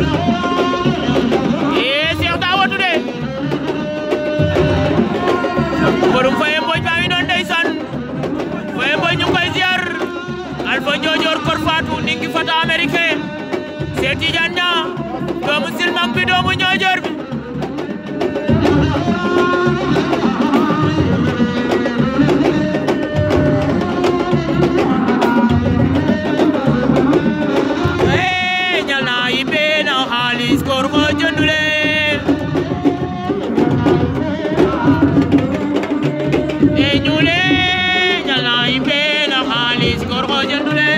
ee eh, Cheikh daa watu de borom Faye Mbodj baa ngi doon ndeysaan Faye Mbodj ñu ngi koy ziar Alpha Ndiodior Kor Fatou ningi fata américain Cheikh Tidiane Góor moo jëndule e ñuule ñalaay mbee la xaalis góor moo jëndule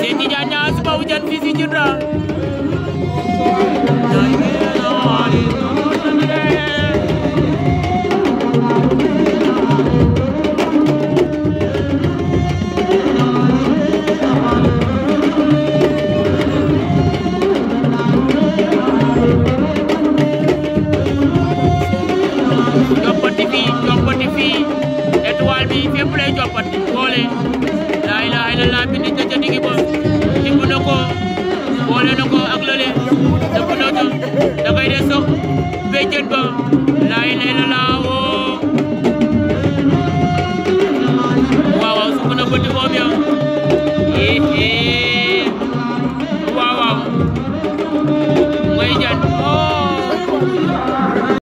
Seydi Jaañ Ñaas baw jën fi si jënda bal bi fépp lay coppati boole laa ilaaha illallaah bindi ca ca digg ba tibb na ko boole na ko ak lële dëpp na ko da koy des sox béjjën ba